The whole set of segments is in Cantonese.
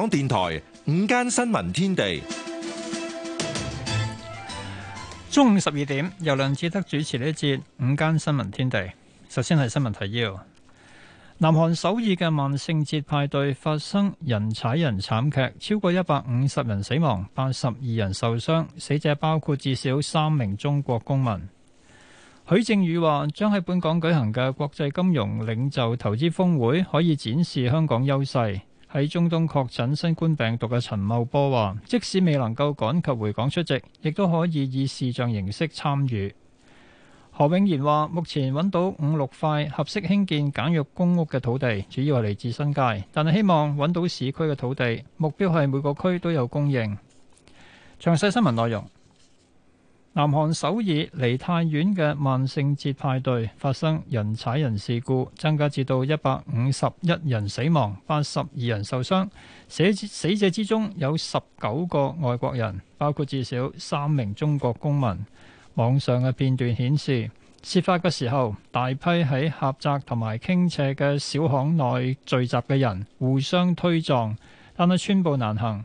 港電台午間新聞天地，中午十二點由梁志德主持呢一節午間新聞天地。首先係新聞提要：南韓首爾嘅萬聖節派對發生人踩人慘劇，超過一百五十人死亡，八十二人受傷，死者包括至少三名中國公民。許正宇話：將喺本港舉行嘅國際金融領袖投資峰會，可以展示香港優勢。喺中東確診新冠病毒嘅陳茂波話，即使未能夠趕及回港出席，亦都可以以視像形式參與。何永賢話，目前揾到五六塊合適興建簡約公屋嘅土地，主要係嚟自新界，但係希望揾到市區嘅土地，目標係每個區都有供應。詳細新聞內容。南韓首爾梨泰院嘅萬聖節派對發生人踩人事故，增加至到一百五十一人死亡，八十二人受傷。死死者之中有十九個外國人，包括至少三名中國公民。網上嘅片段顯示，事發嘅時候，大批喺狹窄同埋傾斜嘅小巷內聚集嘅人互相推撞，但係寸步難行。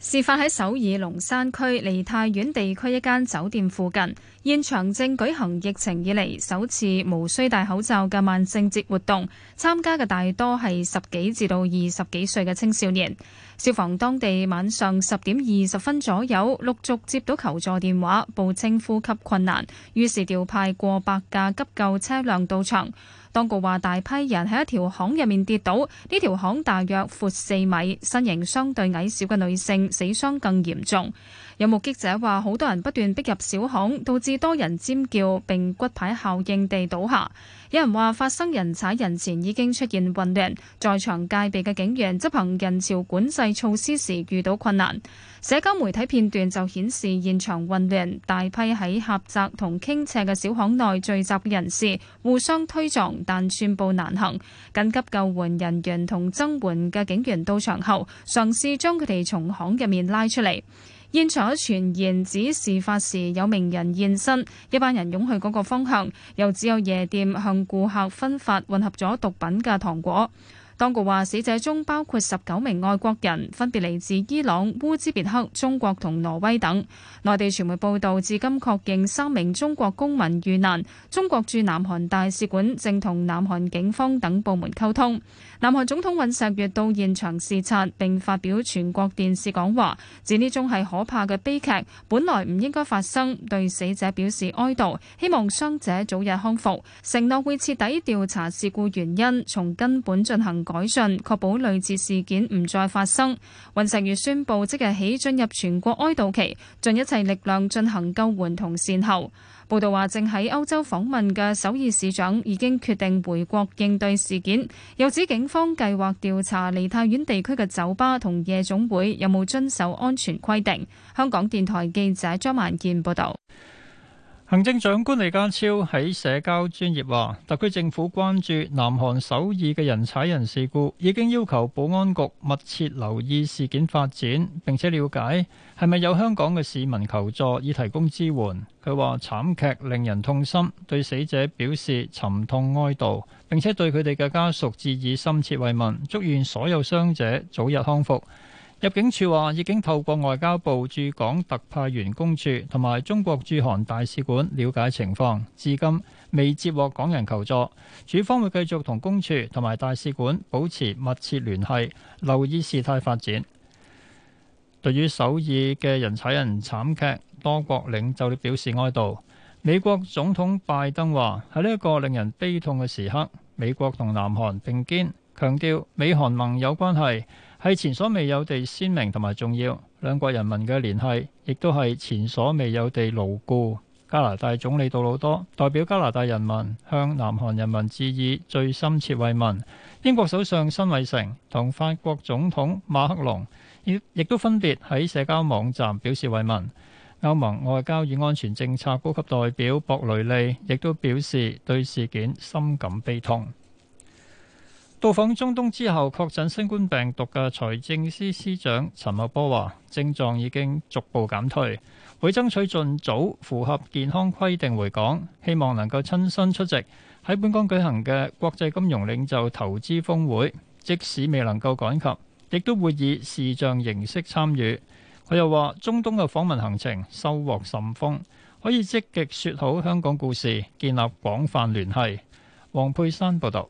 事發喺首爾龍山區梨泰院地區一間酒店附近，現場正舉行疫情以嚟首次無需戴口罩嘅萬聖節活動，參加嘅大多係十幾至到二十幾歲嘅青少年。消防當地晚上十點二十分左右陸續接到求助電話，報稱呼吸困難，於是調派過百架急救車輛到場。當局話大批人喺一條巷入面跌倒，呢條巷大約闊四米，身形相對矮小嘅女性死傷更嚴重。有目擊者話：好多人不斷逼入小巷，導致多人尖叫並骨牌效應地倒下。有人話發生人踩人前已經出現混亂，在場戒備嘅警員執行人潮管制措施時遇到困難。社交媒體片段就顯示現場混亂，大批喺狹窄同傾斜嘅小巷內聚集嘅人士互相推撞，但寸步難行。緊急救援人員同增援嘅警員到場後，嘗試將佢哋從巷入面拉出嚟。現場嘅傳言指事發時有名人現身，一班人湧去嗰個方向，又只有夜店向顧客分發混合咗毒品嘅糖果。當局話死者中包括十九名外國人，分別嚟自伊朗、烏茲別克、中國同挪威等。內地傳媒報道，至今確認三名中國公民遇難。中國駐南韓大使館正同南韓警方等部門溝通。南韓總統尹錫悅到現場視察，並發表全國電視講話，指呢宗係可怕嘅悲劇，本來唔應該發生，對死者表示哀悼，希望傷者早日康復，承諾會徹底調查事故原因，從根本進行。改進，確保類似事件唔再發生。尹錫悅宣布即日起進入全國哀悼期，盡一切力量進行救援同善後。報道話，正喺歐洲訪問嘅首爾市長已經決定回國應對事件。又指警方計劃調查梨泰院地區嘅酒吧同夜總會有冇遵守安全規定。香港電台記者張萬健報道。行政長官李家超喺社交專頁話，特區政府關注南韓首爾嘅人踩人事故，已經要求保安局密切留意事件發展，並且了解係咪有香港嘅市民求助，以提供支援。佢話慘劇令人痛心，對死者表示沉痛哀悼，並且對佢哋嘅家屬致以深切慰問，祝願所有傷者早日康復。入境處話已經透過外交部駐港特派員公署同埋中國駐韓大使館了解情況，至今未接獲港人求助。署方會繼續同公署同埋大使館保持密切聯繫，留意事態發展。對於首爾嘅人踩人慘劇，多國領袖表示哀悼。美國總統拜登話：喺呢一個令人悲痛嘅時刻，美國同南韓並肩，強調美韓盟友關係。係前所未有地鮮明同埋重要，兩國人民嘅聯繫亦都係前所未有地牢固。加拿大總理杜魯多代表加拿大人民向南韓人民致以最深切慰問。英國首相辛偉誠同法國總統馬克龍亦亦都分別喺社交網站表示慰問。歐盟外交與安全政策高級代表博雷利亦都表示對事件深感悲痛。到訪中東之後確診新冠病毒嘅財政司司長陳茂波話：症狀已經逐步減退，會爭取盡早符合健康規定回港，希望能夠親身出席喺本港舉行嘅國際金融領袖投資峰會。即使未能夠趕及，亦都會以視像形式參與。佢又話：中東嘅訪問行程收穫甚豐，可以積極説好香港故事，建立廣泛聯繫。黃佩珊報導。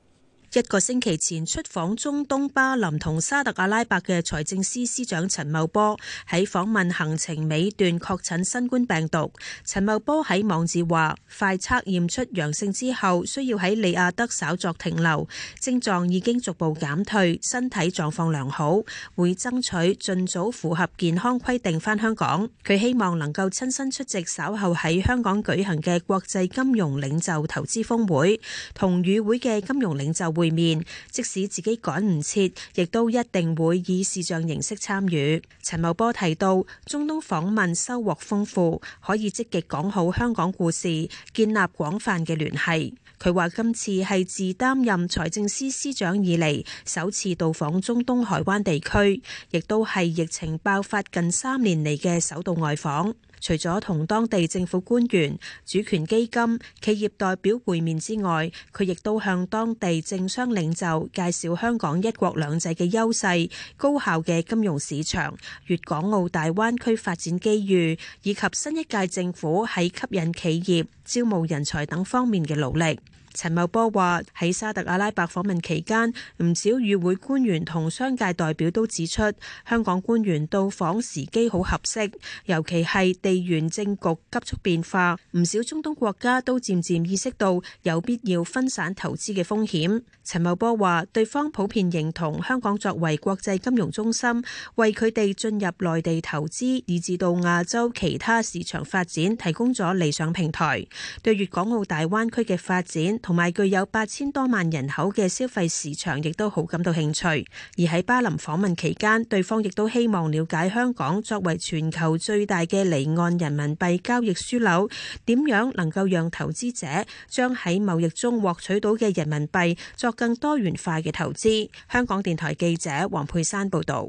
一個星期前出訪中東巴林同沙特阿拉伯嘅財政司司長陳茂波喺訪問行程尾段確診新冠病毒。陳茂波喺網誌話，快測驗出陽性之後，需要喺利雅得稍作停留，症狀已經逐步減退，身體狀況良好，會爭取盡早符合健康規定返香港。佢希望能夠親身出席稍後喺香港舉行嘅國際金融領袖投資峰會，同與會嘅金融領袖。會面，即使自己趕唔切，亦都一定會以視像形式參與。陳茂波提到，中東訪問收穫豐富，可以積極講好香港故事，建立廣泛嘅聯繫。佢話今次係自擔任財政司司長以嚟首次到訪中東海灣地區，亦都係疫情爆發近三年嚟嘅首度外訪。除咗同當地政府官員、主權基金、企業代表會面之外，佢亦都向當地政商領袖介紹香港一國兩制嘅優勢、高效嘅金融市場、粵港澳大灣區發展機遇，以及新一屆政府喺吸引企業、招募人才等方面嘅努力。陳茂波話：喺沙特阿拉伯訪問期間，唔少與會官員同商界代表都指出，香港官員到訪時機好合適，尤其係地緣政局急速變化，唔少中東國家都漸漸意識到有必要分散投資嘅風險。陳茂波話：對方普遍認同香港作為國際金融中心，為佢哋進入內地投資以至到亞洲其他市場發展提供咗理想平台，對粵港澳大灣區嘅發展。同埋具有八千多萬人口嘅消費市場，亦都好感到興趣。而喺巴林訪問期間，對方亦都希望了解香港作為全球最大嘅離岸人民幣交易樞紐，點樣能夠讓投資者將喺貿易中獲取到嘅人民幣作更多元化嘅投資。香港電台記者黃佩珊報導。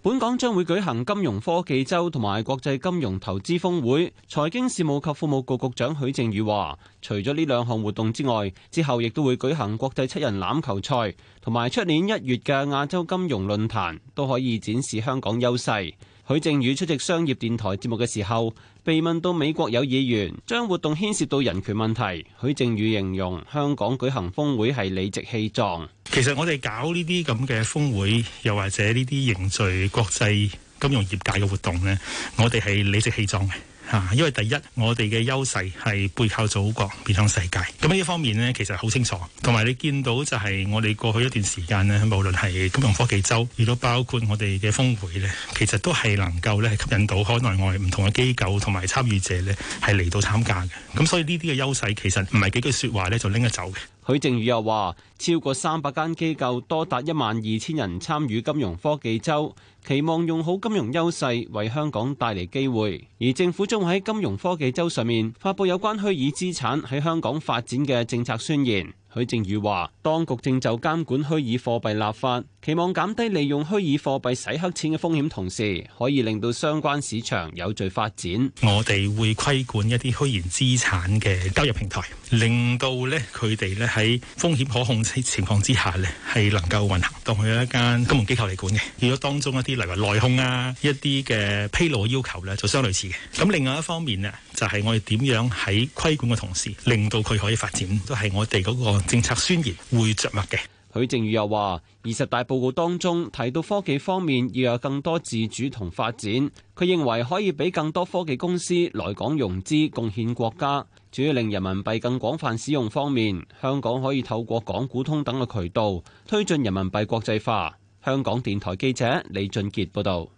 本港將會舉行金融科技周同埋國際金融投資峰會，財經事務及庫務局局長許正宇話：除咗呢兩項活動之外，之後亦都會舉行國際七人欖球賽同埋出年一月嘅亞洲金融論壇，都可以展示香港優勢。許正宇出席商業電台節目嘅時候，被問到美國有議員將活動牽涉到人權問題，許正宇形容香港舉行峰會係理直氣壯。其實我哋搞呢啲咁嘅峰會，又或者呢啲凝聚國際金融業界嘅活動呢，我哋係理直氣壯嘅。啊！因為第一，我哋嘅優勢係背靠祖國，面向世界。咁喺呢方面呢，其實好清楚。同埋你見到就係我哋過去一段時間呢，無論係金融科技周，亦都包括我哋嘅峰會呢，其實都係能夠咧吸引到海內外唔同嘅機構同埋參與者呢，係嚟到參加嘅。咁所以呢啲嘅優勢其實唔係幾句説話呢就拎得走嘅。許正宇又話，超過三百間機構，多達一萬二千人參與金融科技周，期望用好金融優勢為香港帶嚟機會。而政府將會喺金融科技周上面發佈有關虛擬資產喺香港發展嘅政策宣言。許正宇話：當局正就監管虛擬貨幣立法，期望減低利用虛擬貨幣洗黑錢嘅風險，同時可以令到相關市場有序發展。我哋會規管一啲虛擬資產嘅交易平台，令到佢哋呢喺風險可控情況之下呢係能夠運行，當佢一間金融機構嚟管嘅。如果當中一啲例如內控啊、一啲嘅披露嘅要求呢就相類似嘅。咁另外一方面呢就係、是、我哋點樣喺規管嘅同時，令到佢可以發展，都係我哋嗰、那個。政策宣言會着墨嘅。許正宇又話，二十大報告當中提到科技方面要有更多自主同發展。佢認為可以俾更多科技公司來港融資，貢獻國家。主要令人民幣更廣泛使用方面，香港可以透過港股通等嘅渠道推進人民幣國際化。香港電台記者李俊杰報道。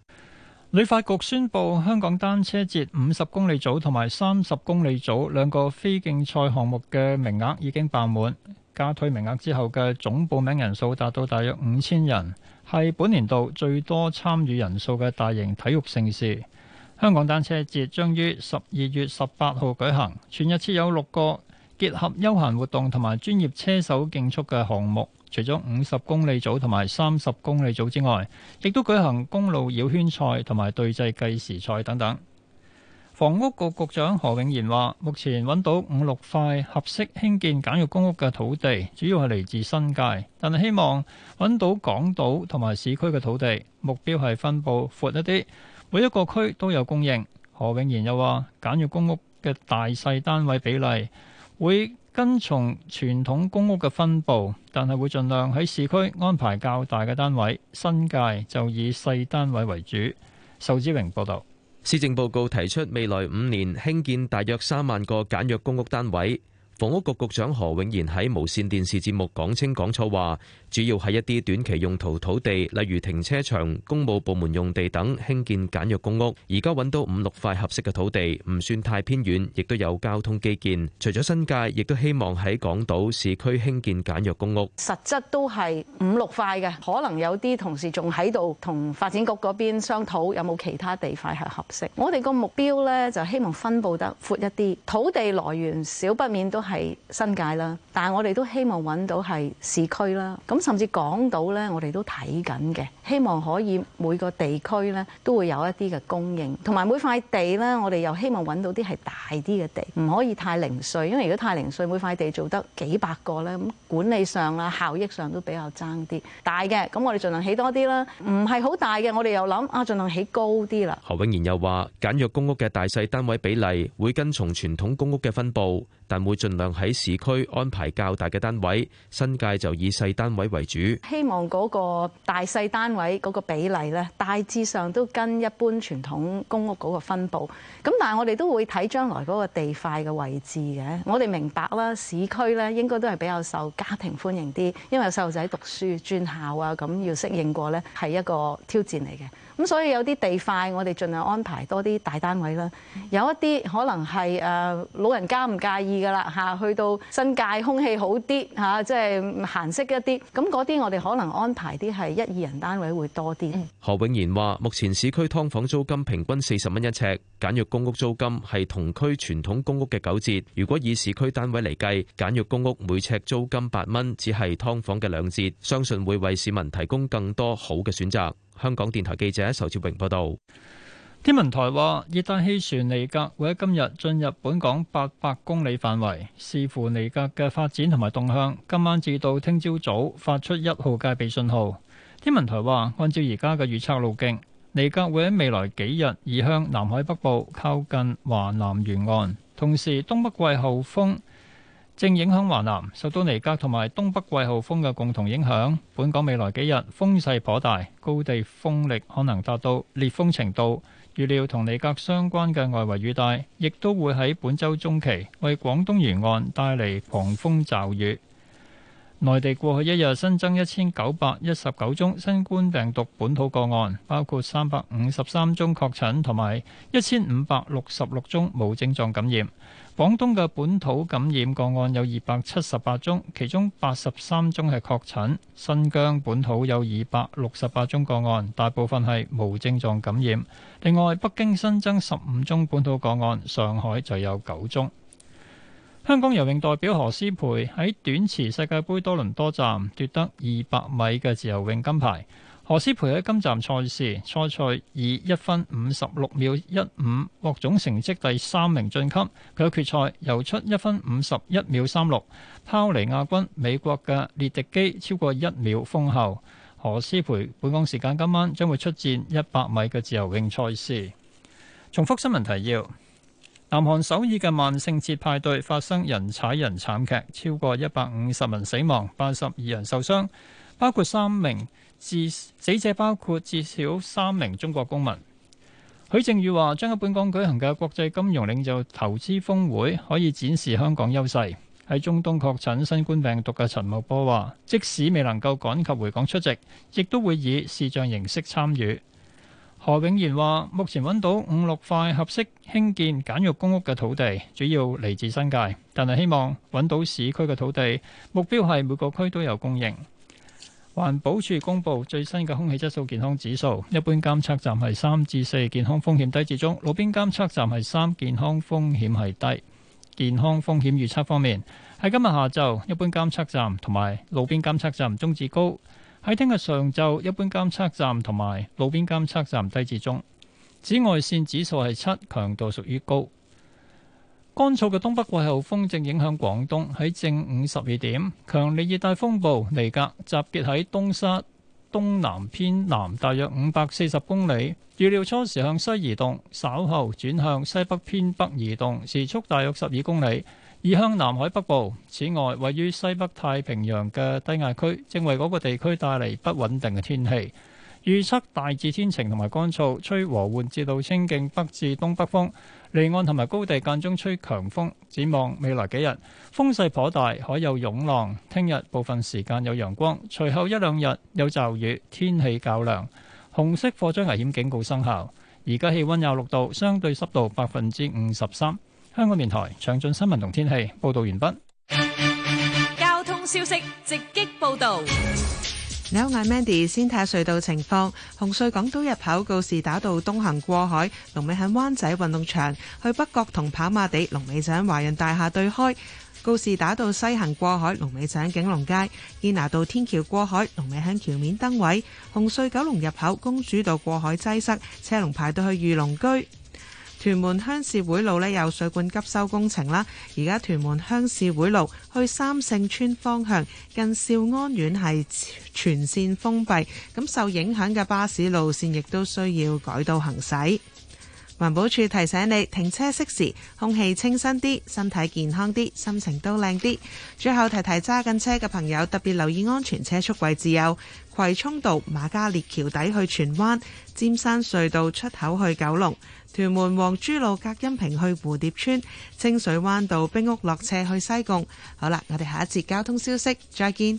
旅發局宣布，香港單車節五十公里組同埋三十公里組兩個非競賽項目嘅名額已經爆滿，加退名額之後嘅總報名人數達到大約五千人，係本年度最多參與人數嘅大型體育盛事。香港單車節將於十二月十八號舉行，全日設有六個結合休閒活動同埋專業車手競速嘅項目。除咗五十公里組同埋三十公里組之外，亦都舉行公路繞圈賽同埋隊際計時賽等等。房屋局局長何永賢話，目前揾到五六塊合適興建簡約公屋嘅土地，主要係嚟自新界，但係希望揾到港島同埋市區嘅土地，目標係分佈闊一啲，每一個區都有供應。何永賢又話，簡約公屋嘅大細單位比例會跟從傳統公屋嘅分佈，但係會盡量喺市區安排較大嘅單位，新界就以細單位為主。仇志榮報導。施政報告提出未來五年興建大約三萬個簡約公屋單位。房屋局局長何永賢喺無綫電視節目講清講楚話，主要係一啲短期用途土地，例如停車場、公務部門用地等，興建簡約公屋。而家揾到五六塊合適嘅土地，唔算太偏遠，亦都有交通基建。除咗新界，亦都希望喺港島市區興建簡約公屋。實質都係五六塊嘅，可能有啲同事仲喺度同發展局嗰邊商討有冇其他地塊係合適。我哋個目標呢就希望分佈得闊一啲，土地來源少不免都係係新界啦，但係我哋都希望揾到係市區啦。咁甚至港島呢，我哋都睇緊嘅，希望可以每個地區呢都會有一啲嘅供應，同埋每塊地呢，我哋又希望揾到啲係大啲嘅地，唔可以太零碎，因為如果太零碎，每塊地做得幾百個呢，咁管理上啦、效益上都比較爭啲大嘅。咁我哋盡量起多啲啦，唔係好大嘅，我哋又諗啊，盡量起高啲啦。何永賢又話，簡約公屋嘅大細單位比例會跟從傳統公屋嘅分布。但會盡量喺市區安排較大嘅單位，新界就以細單位為主。希望嗰個大細單位嗰個比例咧，大致上都跟一般傳統公屋嗰個分布，咁但係我哋都會睇將來嗰個地塊嘅位置嘅。我哋明白啦，市區咧應該都係比較受家庭歡迎啲，因為細路仔讀書轉校啊，咁要適應過咧係一個挑戰嚟嘅。咁所以有啲地塊我哋盡量安排多啲大單位啦。有一啲可能係誒老人家唔介意。噶啦嚇，去到新界空氣好啲嚇，即係閒適一啲，咁嗰啲我哋可能安排啲係一二人單位會多啲。何永賢話：目前市區劏房租金平均四十蚊一尺，簡約公屋租金係同區傳統公屋嘅九折。如果以市區單位嚟計，簡約公屋每尺租金八蚊，只係劏房嘅兩折，相信會為市民提供更多好嘅選擇。香港電台記者仇志榮報道。天文台話熱帶氣旋尼格會喺今日進入本港八百公里範圍，視乎尼格嘅發展同埋動向，今晚至到聽朝早早發出一號戒備信號。天文台話，按照而家嘅預測路徑，尼格會喺未來幾日移向南海北部，靠近華南沿岸。同時，東北季候風正影響華南，受到尼格同埋東北季候風嘅共同影響，本港未來幾日風勢頗大，高地風力可能達到烈風程度。預料同尼格相關嘅外圍雨帶，亦都會喺本週中期為廣東沿岸帶嚟狂風驟雨。內地過去一日新增一千九百一十九宗新冠病毒本土個案，包括三百五十三宗確診，同埋一千五百六十六宗無症狀感染。廣東嘅本土感染個案有二百七十八宗，其中八十三宗係確診。新疆本土有二百六十八宗個案，大部分係無症狀感染。另外，北京新增十五宗本土個案，上海就有九宗。香港游泳代表何詩蓓喺短池世界杯多倫多站奪得二百米嘅自由泳金牌。何詩蓓喺今站賽事初賽以一分五十六秒一五獲總成績第三名晉級，佢嘅決賽游出一分五十一秒三六，拋離亞軍美國嘅列迪基超過一秒封后。何詩蓓本港時間今晚將會出戰一百米嘅自由泳賽事。重複新聞提要。南韓首爾嘅萬聖節派對發生人踩人慘劇，超過一百五十人死亡，八十二人受傷，包括三名死者，包括至少三名中國公民。許正宇話：將喺本港舉行嘅國際金融領袖投資峰會，可以展示香港優勢。喺中東確診新冠病毒嘅陳茂波話：即使未能夠趕及回港出席，亦都會以視像形式參與。何永賢話：目前揾到五六塊合適興建簡約公屋嘅土地，主要嚟自新界，但係希望揾到市區嘅土地。目標係每個區都有供應。環保署公布最新嘅空氣質素健康指數，一般監測站係三至四，健康風險低至中；路邊監測站係三，健康風險係低。健康風險預測方面，喺今日下晝，一般監測站同埋路邊監測站中至高。喺聽日上晝，一般監測站同埋路邊監測站低至中。紫外線指數係七，強度屬於高。乾燥嘅東北季候風正影響廣東。喺正午十二點，強烈熱帶風暴尼格集結喺東沙東南偏南大約五百四十公里，預料初時向西移動，稍後轉向西北偏北移動，時速大約十二公里。移向南海北部。此外，位於西北太平洋嘅低壓區，正為嗰個地區帶嚟不穩定嘅天氣。預測大致天晴同埋乾燥，吹和緩至到清勁北至東北風。離岸同埋高地間中吹強風。展望未來幾日，風勢頗大，可有湧浪。聽日部分時間有陽光，隨後一兩日有驟雨，天氣較涼。紅色火災危險警告生效。而家氣溫廿六度，相對濕度百分之五十三。香港電台詳盡新聞同天氣報道完畢。交通消息直擊報道。你好，我係 Mandy 先睇隧道情況。紅隧港島入口告士打道東行過海，龍尾喺灣仔運動場；去北角同跑馬地，龍尾喺華潤大廈對開。告士打道西行過海，龍尾喺景隆街。堅拿道天橋過海，龍尾喺橋面燈位。紅隧九龍入口公主道過海擠塞，車龍排到去御龍居。屯門鄉事會路呢有水管急修工程啦，而家屯門鄉事會路去三聖村方向近兆安苑係全線封閉，咁受影響嘅巴士路線亦都需要改道行駛。環保處提醒你，停車熄匙，空氣清新啲，身體健康啲，心情都靚啲。最後提提揸緊車嘅朋友，特別留意安全車速位置，有葵涌道瑪嘉烈橋底去荃灣、尖山隧道出口去九龍、屯門黃珠路隔音屏去蝴蝶村、清水灣道冰屋落斜去西貢。好啦，我哋下一節交通消息，再見。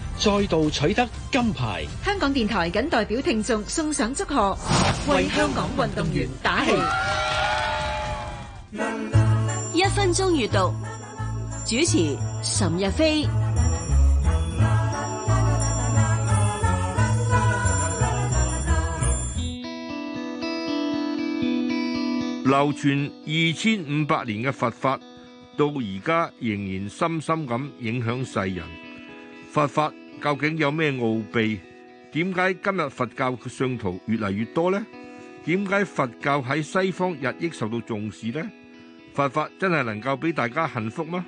再度取得金牌，香港電台僅代表聽眾送上祝賀，為香港運動員打氣。打氣一分鐘閱讀，主持：岑日飛。流傳二千五百年嘅佛法，到而家仍然深深咁影響世人。佛法。究竟有咩奧秘？點解今日佛教嘅信徒越嚟越多呢？點解佛教喺西方日益受到重視呢？佛法真係能夠俾大家幸福嗎？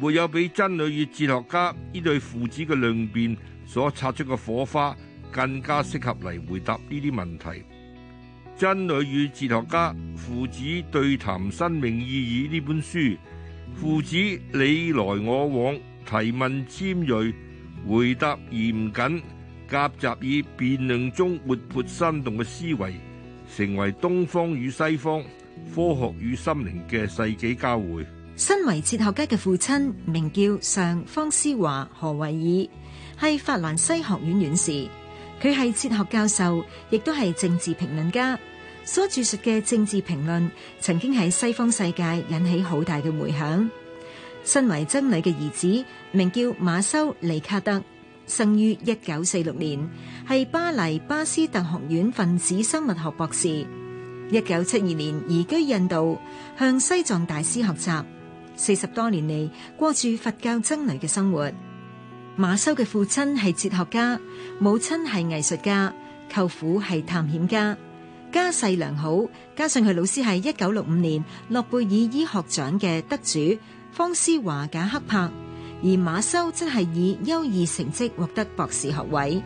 沒有比僧侶與哲學家呢對父子嘅論辯所擦出嘅火花，更加適合嚟回答呢啲問題。僧侶與哲學家父子對談生命意義呢本書，父子你來我往，提問尖銳。回答嚴謹，夾雜以辯論中活潑生動嘅思維，成為東方與西方、科學與心靈嘅世紀交匯。身為哲學家嘅父親，名叫尚方思華何維爾，係法蘭西學院院士，佢係哲學教授，亦都係政治評論家，所著述嘅政治評論曾經喺西方世界引起好大嘅回響。身為僧侶嘅兒子，名叫馬修·尼卡德，生於一九四六年，係巴黎巴斯特學院分子生物學博士。一九七二年移居印度，向西藏大師學習。四十多年嚟過住佛教僧侶嘅生活。馬修嘅父親係哲學家，母親係藝術家，舅父係探險家，家世良好。加上佢老師係一九六五年諾貝爾醫學獎嘅得主。方思華賈克柏，而馬修則係以優異成績獲得博士學位。